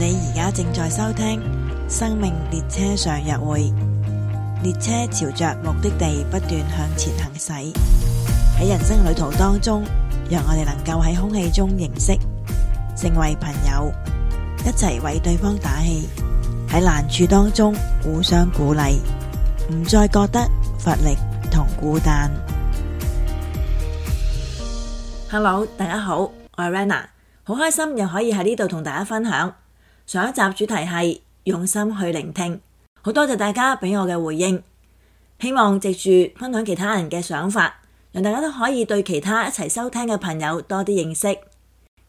你而家正在收聽生命列車上約會，列車朝着目的地不斷向前行駛。喺人生旅途當中，讓我哋能夠喺空氣中認識，成為朋友，一齊為對方打氣。喺難處當中互相鼓勵，唔再覺得乏力同孤單。Hello，大家好，我係 Rana，好開心又可以喺呢度同大家分享。上一集主題係用心去聆聽，好多謝大家俾我嘅回應，希望藉住分享其他人嘅想法，讓大家都可以對其他一齊收聽嘅朋友多啲認識。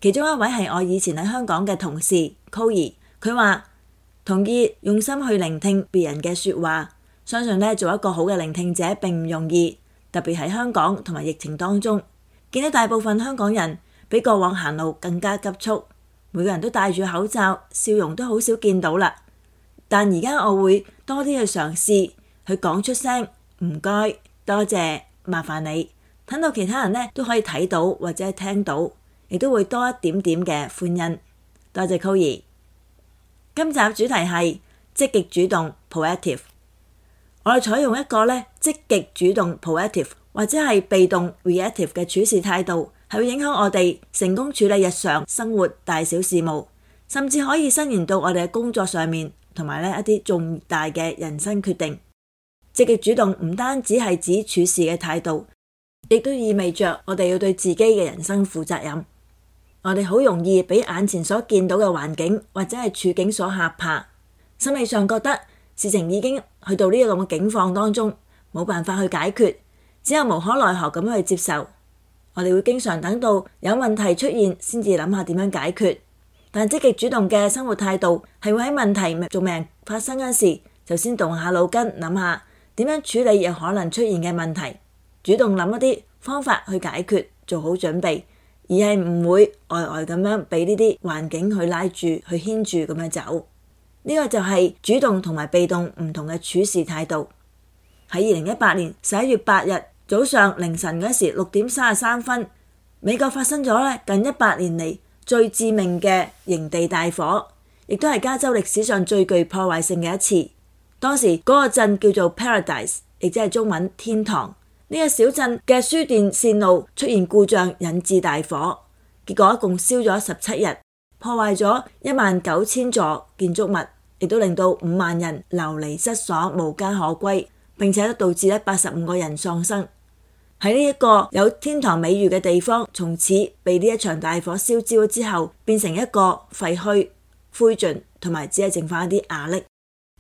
其中一位係我以前喺香港嘅同事 Chloe，佢話同意用心去聆聽別人嘅說話，相信呢做一個好嘅聆聽者並唔容易，特別喺香港同埋疫情當中，見到大部分香港人比過往行路更加急速。每個人都戴住口罩，笑容都好少見到啦。但而家我會多啲去嘗試去講出聲，唔該，多謝，麻煩你，等到其他人呢，都可以睇到或者係聽到，亦都會多一點點嘅歡欣。多謝 Koy。今集主題係積極主動 p o e t i v e。我哋採用一個咧積極主動 p o e t i v e 或者係被動 （reactive） 嘅處事態度。係會影響我哋成功處理日常生活大小事務，甚至可以伸延到我哋嘅工作上面，同埋咧一啲重大嘅人生決定。積極主動唔單止係指處事嘅態度，亦都意味着我哋要對自己嘅人生負責任。我哋好容易俾眼前所見到嘅環境或者係處境所嚇怕，心理上覺得事情已經去到呢個咁嘅境況當中，冇辦法去解決，只有無可奈何咁樣去接受。我哋會經常等到有問題出現先至諗下點樣解決，但積極主動嘅生活態度係會喺問題仲未發生嗰時就先動下腦筋諗下點樣處理有可能出現嘅問題，主動諗一啲方法去解決，做好準備，而係唔會呆呆咁樣俾呢啲環境去拉住、去牽住咁樣走。呢、這個就係主動同埋被動唔同嘅處事態度。喺二零一八年十一月八日，早上凌晨嗰時六點三十三分，美國發生咗咧近一百年嚟最致命嘅營地大火，亦都係加州歷史上最具破壞性嘅一次。當時嗰個鎮叫做 Paradise，亦即係中文天堂。呢個小鎮嘅輸電線路出現故障，引致大火，結果一共燒咗十七日，破壞咗一萬九千座建築物，亦都令到五萬人流離失所、無家可歸，並且都導致咧八十五個人喪生。喺呢一個有天堂美譽嘅地方，從此被呢一場大火燒焦之後，變成一個廢墟灰燼，同埋只係剩翻一啲瓦礫。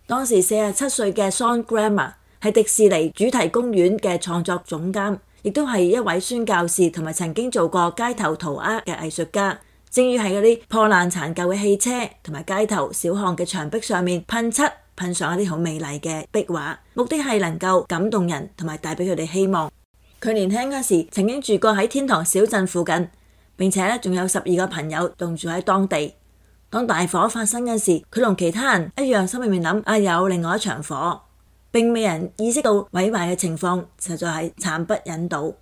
當時四十七歲嘅 Shane Grammer 係迪士尼主題公園嘅創作總監，亦都係一位宣教士，同埋曾經做過街頭塗鴉嘅藝術家。精於喺嗰啲破爛殘舊嘅汽車同埋街頭小巷嘅牆壁上面噴漆，噴上一啲好美麗嘅壁畫，目的係能夠感動人，同埋帶俾佢哋希望。佢年輕嗰時，曾經住過喺天堂小鎮附近，並且仲有十二個朋友仲住喺當地。當大火發生嗰時，佢同其他人一樣心裏面諗：啊，有另外一場火，並未人意識到毀壞嘅情況實在係慘不忍睹。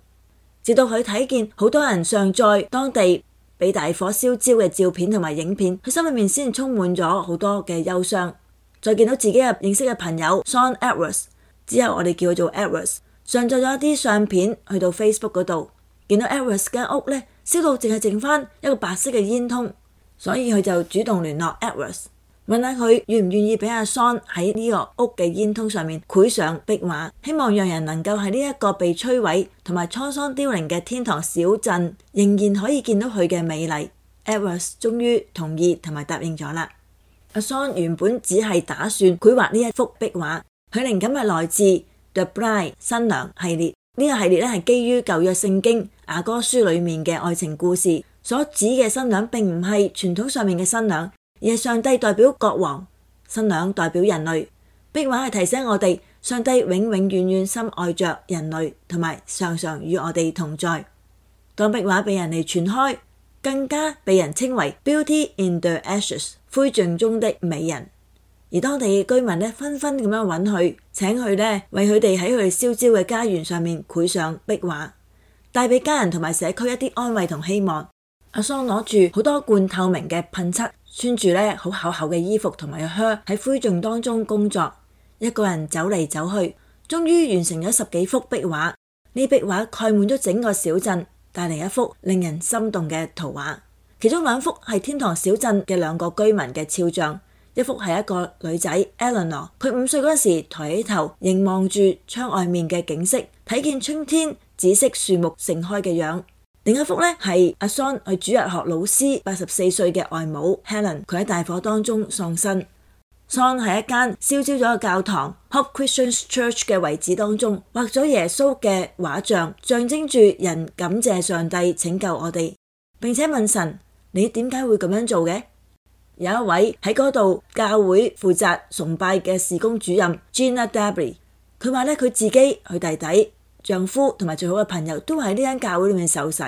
直到佢睇見好多人尚在當地被大火燒焦嘅照片同埋影片，佢心裏面先充滿咗好多嘅憂傷。再見到自己嘅認識嘅朋友 s o n e d w r d s 之後我哋叫佢做 e d w r d s 上載咗一啲相片去到 Facebook 嗰度，見到 Edwards 間屋咧，燒到淨係剩翻一個白色嘅煙通，所以佢就主動聯絡 Edwards，問下佢願唔願意俾阿 Shane 喺呢個屋嘅煙通上面繪上壁畫，希望讓人能夠喺呢一個被摧毀同埋滄桑凋零嘅天堂小鎮，仍然可以見到佢嘅美麗。Edwards 終於同意同埋答應咗啦。阿 Shane 原本只係打算繪畫呢一幅壁畫，佢靈感係來自 The Bride 新娘系列呢，這個系列咧係基於舊約聖經雅歌書裏面嘅愛情故事，所指嘅新娘並唔係傳統上面嘅新娘，而係上帝代表國王，新娘代表人類。壁畫係提醒我哋，上帝永永遠遠遠深愛着人類，同埋常常與我哋同在。當壁畫被人哋傳開，更加被人稱為 Beauty in the Ashes 灰燼中的美人。而當地嘅居民呢，紛紛咁樣揾佢請佢呢，為佢哋喺佢哋燒焦嘅家園上面繪上壁畫，帶俾家人同埋社區一啲安慰同希望。阿桑攞住好多罐透明嘅噴漆，穿住呢好厚厚嘅衣服同埋靴，喺灰燼當中工作，一個人走嚟走去，終於完成咗十幾幅壁畫。呢壁畫蓋滿咗整個小鎮，帶嚟一幅令人心動嘅圖畫。其中兩幅係天堂小鎮嘅兩個居民嘅肖像。一幅係一個女仔 Eleanor，佢五歲嗰時抬起頭凝望住窗外面嘅景色，睇見春天紫色樹木盛開嘅樣。另一幅呢係阿 Son 去主日學老師八十四歲嘅外母 Helen，佢喺大火當中喪生。Son 喺一間燒焦咗嘅教堂 Hope Christian Church 嘅位置當中畫咗耶穌嘅畫像，象徵住人感謝上帝拯救我哋，並且問神：你點解會咁樣做嘅？有一位喺嗰度教會負責崇拜嘅事工主任 Jeana Darby，佢話咧佢自己、佢弟弟、丈夫同埋最好嘅朋友都喺呢間教會裏面受洗，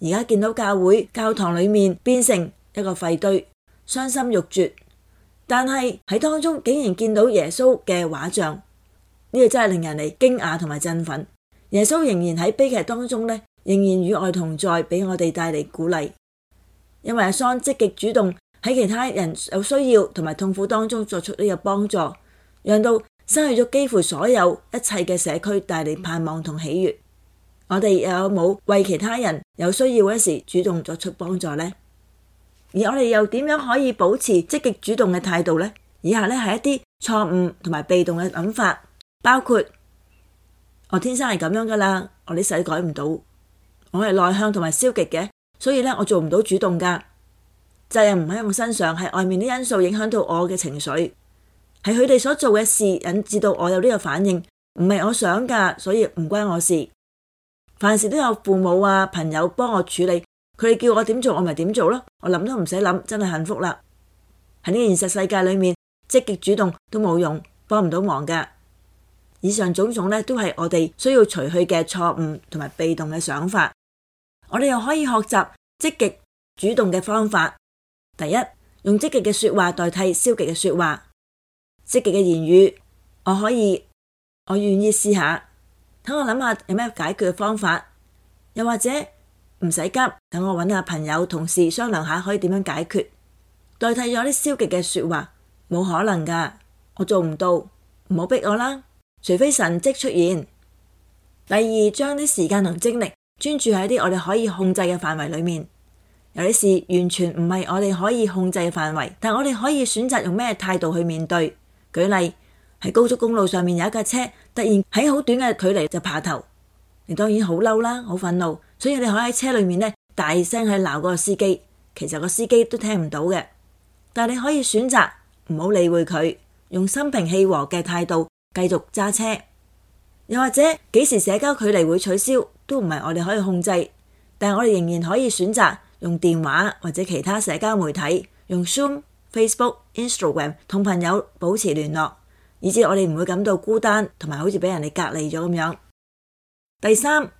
而家見到教會教堂裏面變成一個廢堆，傷心欲絕。但係喺當中竟然見到耶穌嘅畫像，呢個真係令人哋驚訝同埋振奮。耶穌仍然喺悲劇當中呢，仍然與愛同在，俾我哋帶嚟鼓勵。因為阿 Shane 積極主動。喺其他人有需要同埋痛苦當中作出呢個幫助，讓到失去咗幾乎所有一切嘅社區帶嚟盼望同喜悅。我哋又有冇為其他人有需要嗰時主動作出幫助呢？而我哋又點樣可以保持積極主動嘅態度呢？以下呢係一啲錯誤同埋被動嘅諗法，包括我天生係咁樣噶啦，我呢世改唔到，我係內向同埋消極嘅，所以呢，我做唔到主動噶。責任唔喺我身上，係外面啲因素影響到我嘅情緒，係佢哋所做嘅事引致到我有呢個反應，唔係我想噶所以唔關我事。凡事都有父母啊朋友幫我處理，佢哋叫我點做，我咪點做咯，我諗都唔使諗，真係幸福啦。喺呢個現實世界裏面，積極主動都冇用，幫唔到忙噶。以上種種呢，都係我哋需要除去嘅錯誤同埋被動嘅想法。我哋又可以學習積極主動嘅方法。第一，用積極嘅說話代替消極嘅說話。積極嘅言語，我可以，我願意試下，等我諗下有咩解決嘅方法，又或者唔使急，等我搵下朋友同事商量下可以點樣解決，代替咗啲消極嘅說話，冇可能噶我做唔到，唔好逼我啦，除非神蹟出現。第二，將啲時間同精力專注喺啲我哋可以控制嘅範圍裏面。有啲事完全唔係我哋可以控制嘅範圍，但係我哋可以選擇用咩態度去面對。舉例，喺高速公路上面有一架車突然喺好短嘅距離就爬頭，你當然好嬲啦，好憤怒，所以你可以喺車裡面呢大聲去鬧嗰個司機。其實個司機都聽唔到嘅，但係你可以選擇唔好理會佢，用心平氣和嘅態度繼續揸車。又或者幾時社交距離會取消都唔係我哋可以控制，但係我哋仍然可以選擇。用電話或者其他社交媒體，用 Zoom、Facebook、Instagram 同朋友保持聯絡，以至我哋唔會感到孤單，同埋好似俾人哋隔離咗咁樣。第三，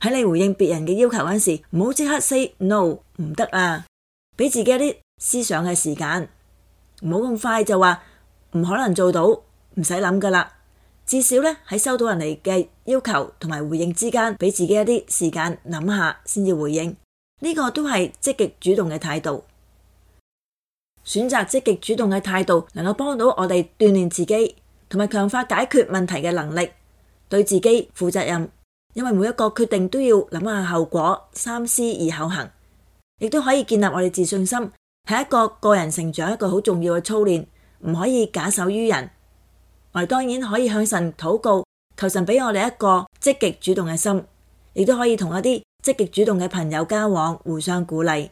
喺你回應別人嘅要求嗰時，唔好即刻 say no，唔得啊，俾自己一啲思想嘅時間，唔好咁快就話唔可能做到，唔使諗噶啦。至少咧喺收到人哋嘅要求同埋回應之間，俾自己一啲時間諗下先至回應。呢個都係積極主動嘅態度，選擇積極主動嘅態度，能夠幫到我哋鍛煉自己，同埋強化解決問題嘅能力，對自己負責任。因為每一個決定都要諗下後果，三思而後行，亦都可以建立我哋自信心，係一個個人成長一個好重要嘅操練，唔可以假手於人。我哋當然可以向神禱告，求神俾我哋一個積極主動嘅心，亦都可以同一啲。積極主動嘅朋友交往，互相鼓勵。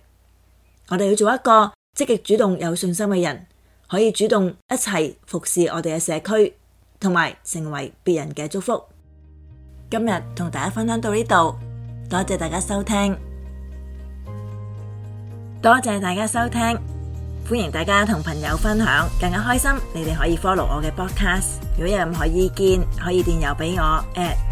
我哋要做一個積極主動、有信心嘅人，可以主動一齊服侍我哋嘅社區，同埋成為別人嘅祝福。今日同大家分享到呢度，多謝大家收聽，多謝大家收聽，歡迎大家同朋友分享，更加開心。你哋可以 follow 我嘅 podcast，如果有任何意見，可以電郵俾我 at。呃